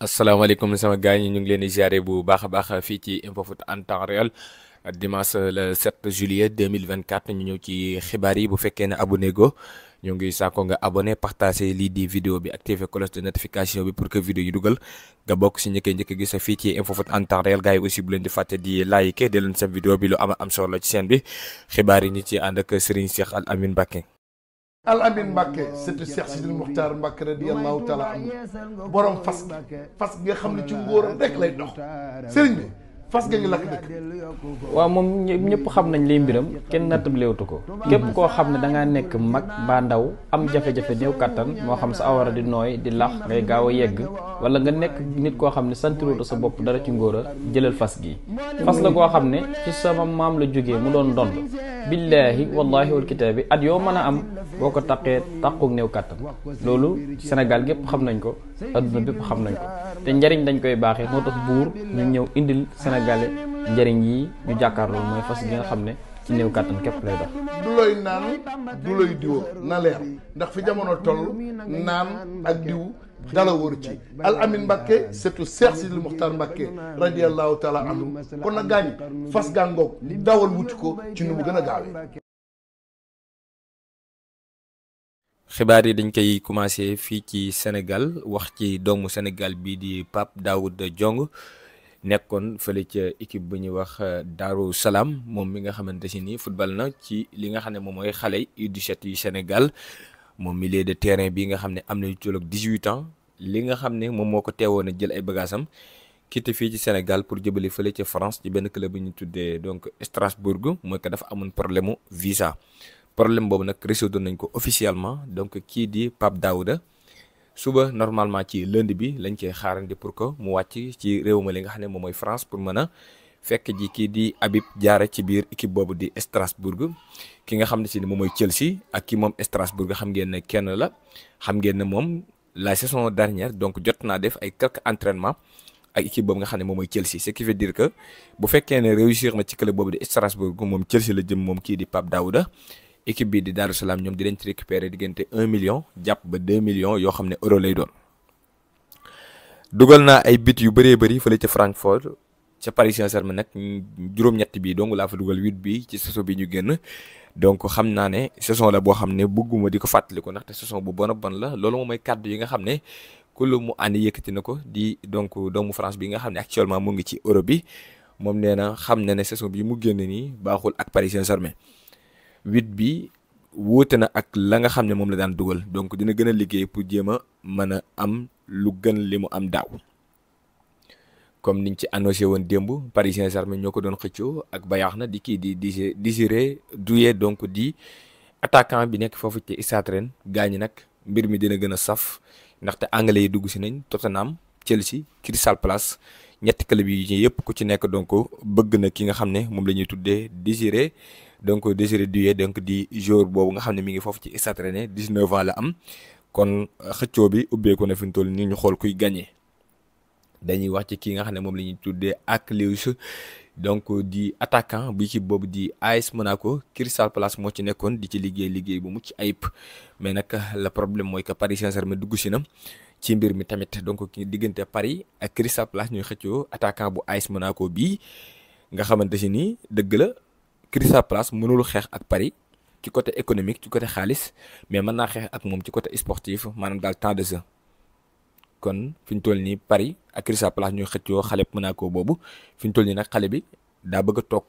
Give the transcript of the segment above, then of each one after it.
asalaamaaleykum sama gars ñi ñu ngi leen di ziare bu baax a baax fii ci Infofoot en temps réel dimanche le 7 juillet 2024 ñu ñëw ci xibaar yi bu fekkee ne abonné go ñu ngi saako nga abonné partagé lii di vidéo bi activé cloche de notification bi pour que vidéo yi dugal nga bokk si njëkkee njëkk gis fii ci Infofoot en temps réel gars yi aussi bu leen di fàtte di like de leen seen vidéo bi lu ama am solo ci seen bi xibaar yi ñu ci ànd ak Serigne Cheikh Al Amin al amin Mbacke surtout Cheikh Sidil Muxtaar Mbacke radiyallahu taala anhu borom fas fas gi nga xam ne ci ngóoram rek lay dox sëriñ bi. fas ga ngi lakk dëkk waaw moom ñëpp xam nañ liy mbiram kenn nattab léewtu ko képp koo xam ne dangaa nekk mag ba ndaw am jafe-jafe néew kattan moo xam sa awara di nooy di lax ngay gaaw a yegg wala nga nekk nit koo xam ne santiroota sa bopp dara ci ngóor a jëlal fas gi fas la koo xam ne ci sama maam la jógee mu doon dond billaahi wallaahi wal kitaabi at yoo mën a am boo ko taqee taquk néew kattan loolu senegal gépp xam nañ ko adduna bépp xam nañ ko te njariñ dañ koy baaxee moo gànnaagale njëriñ yi ñu jàkkaarloo mooy fas gi nga xam ne ci néew kàttan képp lay dox. du looy naan ndax fi jamono toll naan ak diw dala wóor ci al amin Mbacke surtout Seex Sidil Muxtaar Mbacke radiyallahu taala anhu kon na gaañ fas gaa ko ci nu mu xibaar yi dañ koy commencé fii ci Sénégal wax ci doomu Sénégal bii di Pape Daoud Diong. nekkoon fële ca equipe bu ñu wax euh, Darou Salaam moom mi nga xamante si ni football na ci li nga xam ne moom mooy xale yi yu Sénégal moom milieu de terrain bi nga xam ne am na lu tolloog 18 ans li nga xam ne moo ko teewoon a jël ay bagaasam quitté fii ci Sénégal pour jëbali fële ca France ci benn club bi ñu tuddee donc Strasbourg mooy que dafa amoon problème mu visa problème boobu nag résoudre nañ ko officiellement donc kii di Pape Daouda. suba normalement ci lënd bi lañ koy xaarandi pour que mu wàcc ci réew ma li nga xam ne moom mooy France pour mën a fekk ji kii di Habib jaara ci biir équipe boobu di Strasbourg ki nga xam ne si moom mooy Chelsea ak ki moom Strasbourg xam ngeen ne kenn la xam ngeen ne moom la saison dernière donc jot naa def ay quelques entraînements ak équipe boobu nga xam ne moom mooy Chelsea ce qui veut dire que bu fekkee ne réussir na ci club boobu di Strasbourg moom Chelsea la jëm moom kii di Pape équipe bi di Daaru Salaam ñoom dinañ ci récupérer diggante un million jàpp ba deux millions yoo xam ne euro lay doon dugal naa ay bit yu bëree bëri fële ca Francfort ca Paris saint nag juróom-ñett bi dong laa fa dugal huit ci saison bi ñu génn donc xam naa ne saison la boo xam ne bëgguma di ko fàttaliku ndaxte saison bu bon a bon la loolu moom mooy kàddu yi nga xam ne kullu mu ànd yëkkati na ko di donc doomu France bi nga xam ne actuellement mu ngi ci Europe bi moom nee na xam na ne saison bi mu génn nii baaxul ak Paris wit bi wuute na ak la nga xam ne moom la daan dugal donc dina gën a liggéey pour jéem a mën a am lu gën li mu am daaw comme niñ ci annoncé woon démb Paris Saint-Germain ñoo ko doon xëccoo ak bayaax na di kii di di Désiré Doué donc di attaquant bi nekk foofu ci Stade Rennes gaañ nag mbir mi dina gën a saf ndaxte anglais yi dugg si nañ Tottenham Chelsea Crystal place ñetti club yi yëpp ku ci nekk donc bëgg na ki nga xam ne moom la ñuy tuddee Désiré donc Désiré Doué donc di joueur boobu nga xam ne mi ngi foofu ci Stade Rennais 19 ans la am kon xëccoo bi ubbeeku na fi mu toll nii ñu xool kuy gagné dañuy wax ci kii nga xam ne moom la ñuy tuddee ak Lewis donc di attaquant bi ci boobu di AS Monaco Crystal place moo ci nekkoon di ci liggéey liggéey bu mucc ayib mais nag la problème mooy que Paris Saint-Germain dugg si na. ci mbir mi tamit donc ki diggante Paris ak Crystal Palace ñuy xëccoo attaquant bu AS Monaco bii nga xamante si ni dëgg la Crystal Palace mënul xeex ak Paris ci côté économique ci côté xaalis mais man naa xeex ak moom ci côté sportif maanaam daal temps de jeu kon fi ñu toll nii Paris ak Crystal Palace ñooy xëccoo xale Monaco boobu fi ñu toll nii nag xale bi daa bëgg a toog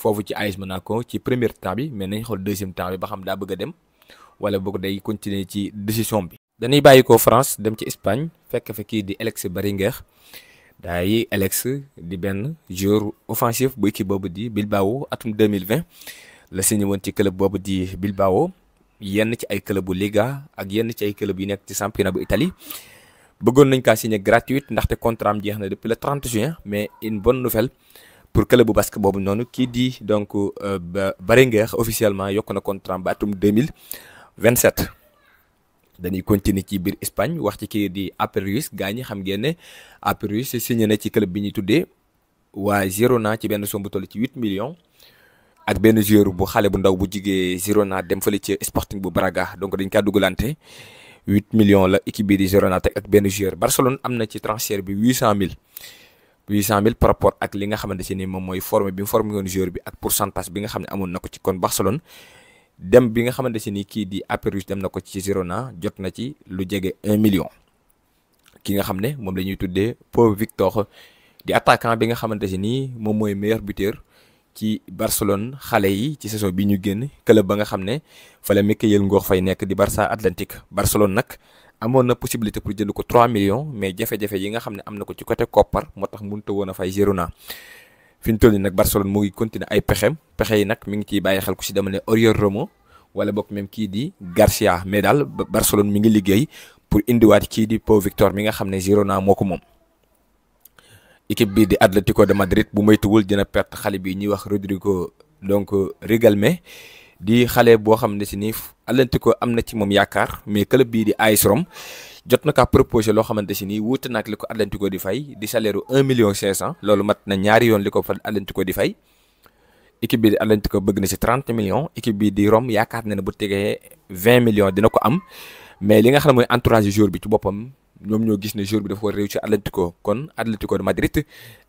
foofu ci AS Monaco ci premier temps bi mais nañ xool deuxième temps bi ba xam daa bëgg a dem wala boog day continuer ci décision bi. dañuy bàyyi ko France dem ci Espagne fekk fa kii di Alex Berenguer daayi Alex di benn joueur offensif bu équipe boobu di Bilbao atum 2020 la signé woon ci club boobu di Bilbao yenn ci ay club bu Liga ak yenn ci ay club yu nekk ci championnat bu Italie bëggoon nañ kaa signé gratuite ndaxte contrat jeex na depuis le 30 juin mais une bonne nouvelle pour club bu basque boobu noonu kii di donc euh, Berenguer officiellement yokk na contrat ba atum 2027 dañuy continuer ci biir Espagne wax ci kii di Aperrius gaa ñi xam ngeen ne Aperrius signé na ci club bi ñuy tuddee waa naa ci benn somme bu toll ci 8 million ak benn joueur bu xale bu ndaw bu jigee Girona dem fële ci Sporting bu Braga donc dañ kaa dugalante 8 millions la équipe bi di Girona teg ak benn joueur Barcelone am na ci transfert bi cent 800000 par rapport ak li nga xamante ne moom mooy formé bi mu formé woon joueur bi ak pourcentage nga xam ne amoon na ko ci kon Barcelone. dem bi nga xamante si ni kii di Apérus dem na ko ci Girona jot na ci lu jege un million ki nga xam ne moom la ñuy tuddee Pau Victor di attaquant bi nga xamante si ni moom mooy meilleur buteur ci Barcelone xale yi ci saison bi ñu génn club ba nga xam ne fa la Mikayil Ngor Faye nekk di Barça Atlantique Barcelone nag amoon na possibilité pour jënd ko 3 millions mais jafe-jafe yi nga xam ne am na ko ci côté koppar moo tax mënut a woon a fay Girona. fi ñu toll nii nag Barcelone mu ngi continuer ay pexem pexe yi nag mi ngi ciy bàyyi xel ko si demal ne Oriol Romeu wala bokk même kii di Garcia mais daal Barcelone mi ngi liggéey pour indiwaat kii di Pau Victor mi nga xam ne Girona moo ko moom. équipe bii di Atlético de Madrid bu moytuwul dina perte xale bi ñuy wax Rodrigo donc Riquelme di xale boo xam ne si nii Atlético am na ci moom yaakaar mais club bii di AS Rome jot na kaa proposé loo xamante si nii wuute naag li ko Atlético di fay di salaire ru 1 million cent loolu mat na ñaari yoon li ko fa Atlético di fay équipe bii di Atlético bëgg na si 30 million équipe bii di Rome yaakaar na ne bu tegee 20 million dina ko am mais li nga xam ne mooy entourage joueur bi ci boppam ñoom ñoo gis ne jour bi dafa war réew ci Atlético kon Atlético de Madrid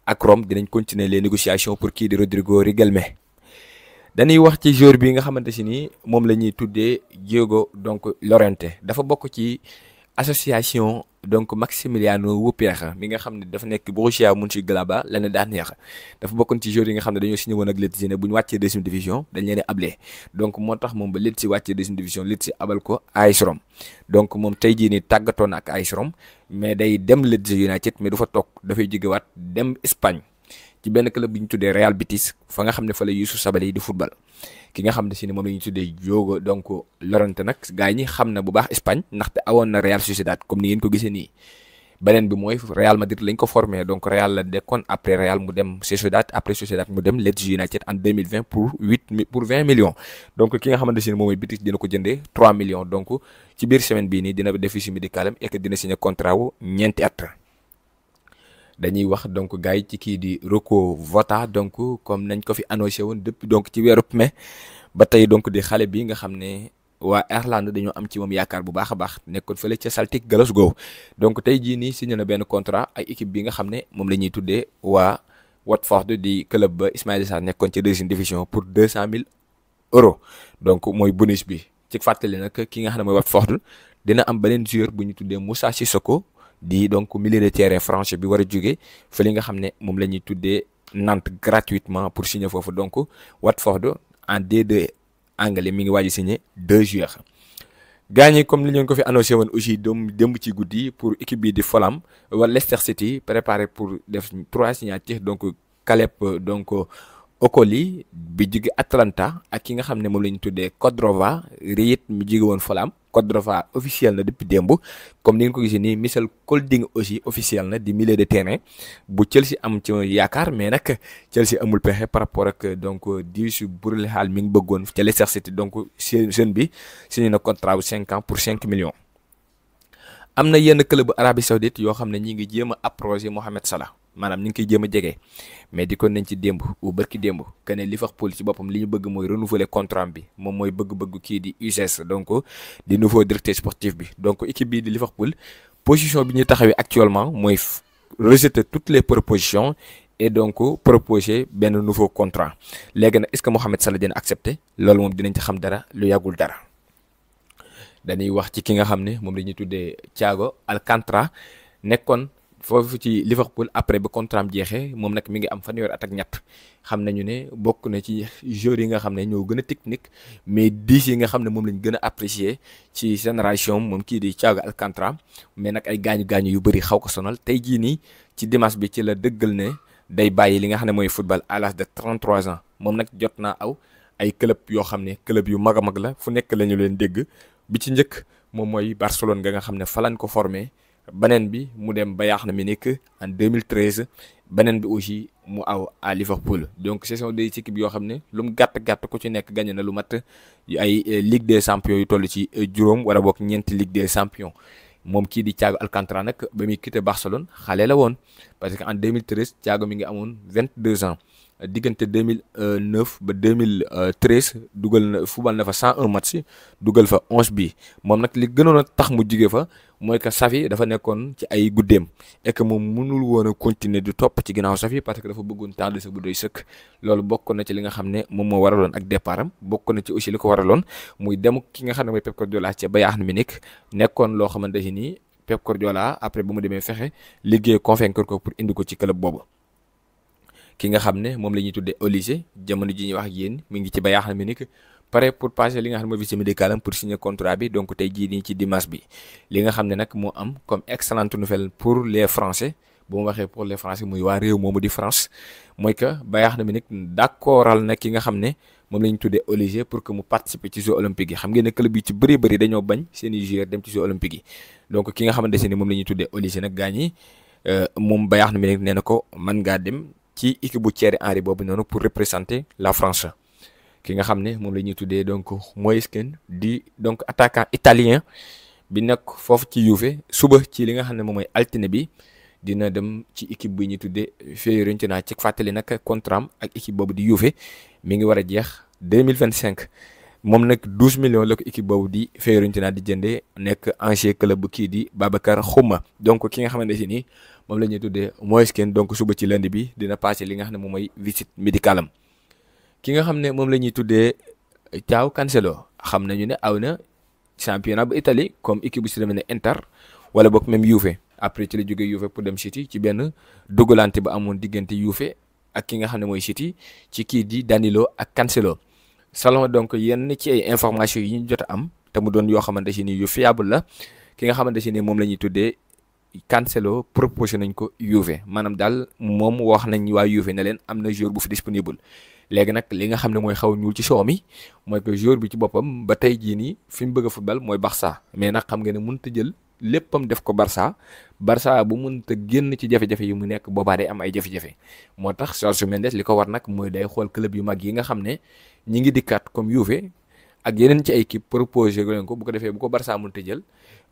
ak Rome dinañ continuer les négociations pour kii di Rodrigo Riquelme. dañuy wax ci joueur bi nga xamante si nii moom la ñuy tuddee Diego donc Llorente dafa bokk ci association donc Maximiliano Wuppertal mi nga xam ne dafa nekk Borussia Mönchengladbach daan dernière dafa bokkoon ci joueurs yi nga xam ne dañoo signé woon ak Leeds ne bu ñu wàccee deuxième division dañ leen ablé donc moo tax moom ba Leeds wàccee deuxième division Leeds abal ko AS Rome donc moom tey jii nii tàggatoon na ak AS Rome mais day dem Leeds United mais du fa toog dafay waat dem Espagne. ci benn club bi ñu tuddee Real Betis fa nga xam ne fa la Youssouf Sabaly di football ki nga xam ne si ne moom la ñu tuddee Diogo ko gisee nii. beneen bi mooy Real Madrid lañ ko formé donc Real la dekkoon après ne moom mooy Betis dina ko jëndee trois millions donc ci biir semaine bii nii dina def visite médicale am et que contrat wu ñeenti at. dañuy wax donc gars yi ci kii di Rocco Vota donc comme nañ ko fi annoncé woon dëpp donc ci weeru mai ba tey donc di xale bi nga xam ne waa Irlande dañoo am ci moom yaakaar bu baax a baax nekkoon fële ca Celtic Glasgow donc tey jii nii na benn contrat ay équipe bi nga xam ne moom la ñuy tuddee waa Watford di club ba Ismaïla Sarr nekkoon ci deuxième division pour deux cent mille euros donc mooy bonus bi ci fàttali nag ki nga xam ne mooy Watford dina am beneen joueur bu ñu tuddee Moussa Sissoko di donc milieu de terrain français bi war a jóge fa li nga xam ne moom la ñuy tuddee Nantes gratuitement pour signer foofu donc Watford en D2 anglais mi ngi waaj a signé deux joueurs gaañi comme li ñu ko fi annoncé woon aussi dem démb ci guddi pour équipe bi di folam wala Leicester City préparé pour def trois signatures donc Caleb donc Okoli bi jóge atlanta ak ki nga xam ne moom la ñu tuddee Codrova Riit mi jóge woon Fulham Codrova officiel na depuis démb comme ni nga ko gisee nii Michel Holding aussi officiel na di milieu de terrain bu si am ci yaakaar mais nag si amul pexe par rapport ak donc su Divock Burkhalter mi ngi bëggoon ca Leicester City donc jeune bi signé na contrat bu ans pour 5 millions. am na yenn club bu Arabie Saoudite yoo xam ne ñi ngi jéem a approché Mohamed Salah. maanaam ni ngi koy jéem a jege mais di ko nañ ci démb u barki démb que ne Liverpool ci boppam li ñu bëgg mooy renouveler contrat bi moom mooy bëgg-bëgg kii di UCS donc di nouveau directeur sportif bi donc équipe bii di Liverpool position bi ñu taxawee actuellement mooy rejeter toutes les propositions et donc proposé benn nouveau contrat léegi nag est-ce que Mohamed Salah dina accepté loolu moom dinañ ci xam dara lu yàggul dara dañuy wax ci ki nga xam ne moom la ñuy tuddee Thiago Alcantara nekkoon. foofu ci Liverpool après ba contrat am jeexee moom nag mi ngi am fanior at ak ñett xam nañu ne bokk na ci joueurs yi nga xam ne ñoo gën a technique mais dix yi nga xam ne moom lañ gën a apprécier ci génération moom kii di al Alcantara mais nag ay gaañu gaañu yu bëri xaw ko sonal tey jii nii ci dimanche bi ci la dëggal ne day bàyyi li nga xam ne mooy football à l'âge de 33 ans moom nag jot naa aw ay club yoo xam ne club yu mag a mag la fu nekk la leen dégg bi ci njëkk moom mooy Barcelone nga nga xam ne falan ko formé. beneen bi mu dem ba yaax na mi nekk en 2013 beneen bi aussi mu aw à Liverpool donc ce sont des bi yoo xam ne lu mu gàtt gàtt ku ci nekk gagné na lu mat ay euh, Ligue des champions yu toll ci euh, juróom wala boog ñeenti Ligue des champions moom kii di Thiago Alcantara nag ba muy quitté Barcelone xale la woon parce que en 2013 Thiago mi ngi amoon vingt 22 ans diggante 2009 ba 2013 dugal na fubal na fa 101 match dugal fa 11 bi moom nag li gënoon a tax mu jige fa. mooy que Xavi dafa nekkoon ci ay guddeem et que moom mënul woon a continuer di topp ci ginnaaw Xavi parce que dafa bëggoon temps de sa bu doy sëkk loolu bokk na ci li nga xam ne moom moo waraloon ak départam bokk na ci aussi li ko waraloon muy dem ki nga xam ne mooy Pep Guardiola ca Bayern Munich nekkoon loo xamante ni Pep Guardiola après ba mu demee fexe liggéey convaincre ko pour indi ci club boobu. ki nga xam ne moom la ñuy tuddee Olise jamono ji ñuy wax ak yéen mi ngi ci Bayern Munich pare pour passer li nga xam ne mooy visite tey nii ci dimanche bi li nga xam ne nag moo am comme excellente nouvelle pour les français bu ma waxee pour les français muy waa réew moomu di France mooy que Bayern na mi nag d'accordal na ki nga xam ne moom la tuddee Olivier pour que mu participer ci Jeux yi xam ngeen ne club yi ci bëri bëri dañoo bañ seen i joueurs dem ki nga xamante ne moom la ñuy tuddee Olivier nag gaañ yi euh, moom Bayern na mi nag nee na ko man ngaa dem ci équipe bu Thierry Henry boobu noonu pour représenter la France. ki nga xam ne moom la ñuy tuddee donc Moisken di donc attaquant italien bi nag foofu ci Juve suba ci li nga xam ne moom mooy altine bi dina dem ci équipe bi ñuy tuddee Fiorentina ci fàttali nag contrat ak équipe boobu di Juve mi ngi war a jeex 2025 moom nag 12 millions la équipe boobu di Fiorentina di jëndee nekk ancien club bu kii di Babacar Xuma donc ki nga xamante si moom la ñuy tuddee Moisken donc suba ci lundi bi dina passé li nga xam ne moom mooy visite médicale ki nga xam ne moom la ñuy tuddee taaw Cancelo xam nañu ne aw na championnat bu itali comme équipe bu si Inter wala boog même Juve après ci la jógee pour dem City ci benn dogalante ba amoon diggante Juve ak ki nga xam ne mooy siti ci kii di Danilo ak Cancelo salon donc yenn ci ay informations yi ñu jot am te mu doon yoo xamante si ni yu fiable la ki nga xamante si ni moom la ñuy tuddee Cancelo proposé nañ ko Juve maanaam daal moom wax nañ waa Juve ne leen am na jour bu fi disponible léegi nag li nga xam ne mooy xaw ñuul ci soow mi mooy que joueur bi ci boppam ba tey jii nii fi mu bëgg a football mooy Barça mais nag xam nga ne mun a jël léppam def ko Barça Barça bu mënut a génn ci jafe-jafe yi mu nekk boobaa day am ay jafe-jafe moo tax Jorge Mendes li ko war nag mooy day xool club yu mag yi nga xam ne ñi ngi dikkaat comme Juve ak yeneen ci ay équipe proposé leen ko bu ko defee bu ko Barça mënut a jël.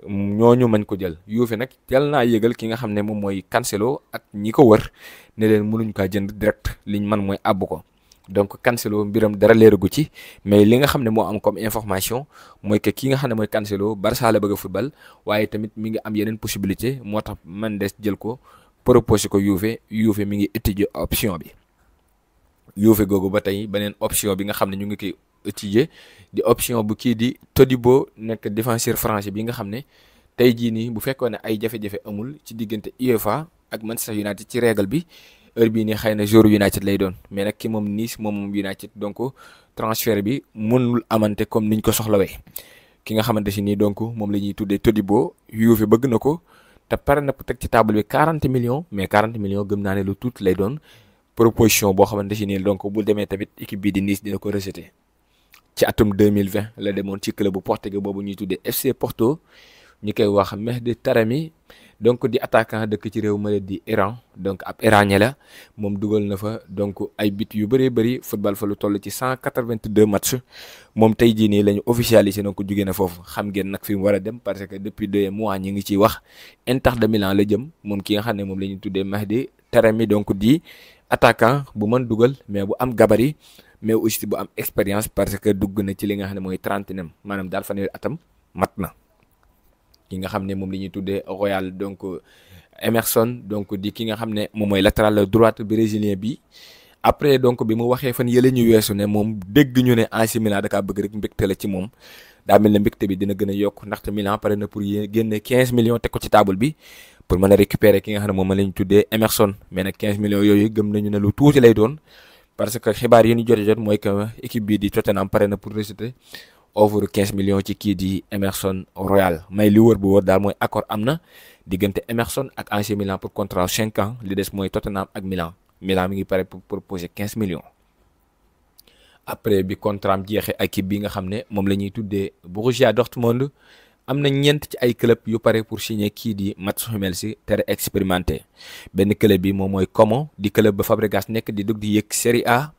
ñooñu mañ ko jël Juve nag teel naa yëgal ki nga xam ne moom mooy Cancelo ak ñi ko wër ne leen mënuñ kaa jënd direct liñ man mooy àbb ko donc Cancelo mbiram dara leeragu ci mais li nga xam ne moo am comme information mooy que ki nga xam ne mooy Cancelo Barça la bëgg a football waaye tamit mi ngi am yeneen possibilité moo tax man Mendes jël ko proposé ko Juve Juve mi ngi étudier option bi Juve googu ba tey beneen option bi nga xam ne ñu ngi koy Eutier di option bu kii di Todibo nekk défenseur français bi nga xam ne tey jii nii bu fekkoon ne ay jafe-jafe amul ci diggante UEFA ak Manchester United ci règle bi heure bii nii xëy na jour United lay doon mais nag ki moom Nice moom moom United donc transfert bi mënul amante comme niñ ko soxlawee ki nga xamante si nii donc moom la ñuy tuddee Todibo Juve bëgg na ko te pare na teg ci table bi 40 million mais 40 millions gëm naa ne lu tuuti lay doon proposition boo xamante si nii donc bu demee tamit équipe bii di dina ko rejeter. ci atum 2020 la demoon ci club bu portugais boobu ñuy tuddee FC Porto ñu koy wax Mehdi Taremi donc di attaquant dëkk ci réew mala di Iran donc ab iranien la moom dugal na fa donc ay bit yu bëree bëri football fa lu toll ci 182 match moom tey jii nii la ñu officialisé donc jugee na foofu xam ngeen nag fi mu war a dem parce que depuis deux mois ñi ngi ciy wax Inter de Milan la jëm moom ki nga xam ne moom la ñu tuddee Mehdi Taremi donc di attaquant bu mën dugal mais bu am gabarit mais aussi bu am expérience parce que dugg na ci li nga xam ne mooy trentaine maanaam daal fanweeri atam mat na ki nga xam ne moom li ñuy tuddee royal donc euh, Emerson donc di ki nga xam ne moom mooy latéral droite brésilien bi après donc bi mu waxee fan yële ñu weesu ne moom dégg ñu ne AC Milan da kaa bëgg rek mbégte la ci moom daa mel ne mbégte bi dina gën a yokk ndaxte Milan pare na pour yéen génne 15 millions teg ko ci table bi pour mën a récupérer ki nga xam ne moom la ñu tuddee Emerson mais nag 15 millions yooyu gëm nañu ne lu tuuti lay doon. parce que xibaar yi ñu jot jot mooy que équipe bii di Tottenham pare na pour rejeter offre 15 millions ci kii di Emerson Royal may li wër bu wër daal mooy accord am na diggante Emerson ak AC Milan pour contrat 5 ans li des mooy Tottenham ak Milan Milan mi ngi pare pour proposer 15 millions. après bi contrat am jeexee ak équipe bi nga xam ne moom la ñuy tuddee Borussia Dortmund. am na ñeent ci ay club yu pare pour signer kii di Mats Hummels très expérimenté benn club bi moom mooy Como di club ba Fabregas nekk di dugg di yëg Serie A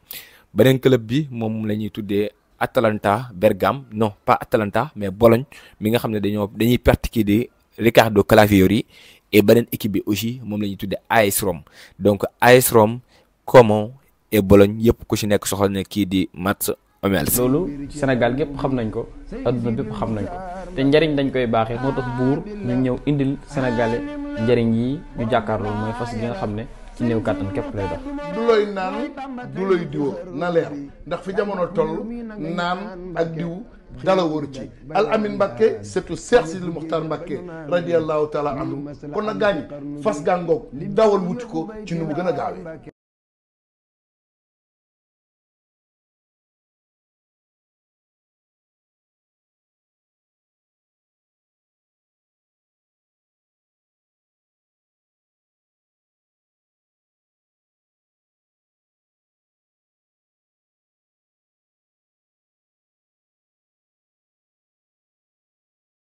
beneen club bi moom la ñuy tuddee Atalanta Bergame non pas Atalanta mais boloñ mi nga xam ne dañoo dañuy perte kii di Riccardo yi et beneen équipe bi aussi moom la ñuy tuddee AS Rome donc AS Rome Como et Bologne yëpp ku si nekk soxal ne kii di Mats loolu senegal gépp xam nañ ko adduna bépp xam nañ ko te njariñ dañ koy baaxee moo tax buur ñu ñëw indil Sénégalais njariñ yi ñu jàkkaarloo mooy fas gi nga xam ne ci new kàttan képp lay dox du looy naan du looy diwo na leer ndax fi jamono toll naan ak diw dala wóor ci al amin Mbàkke surtout Seex lu Muxtaar Mbàkke radiallahu taala anhu kon na gaañ fas gàngoog dawal wuti ko ci nu mu gën a gaawee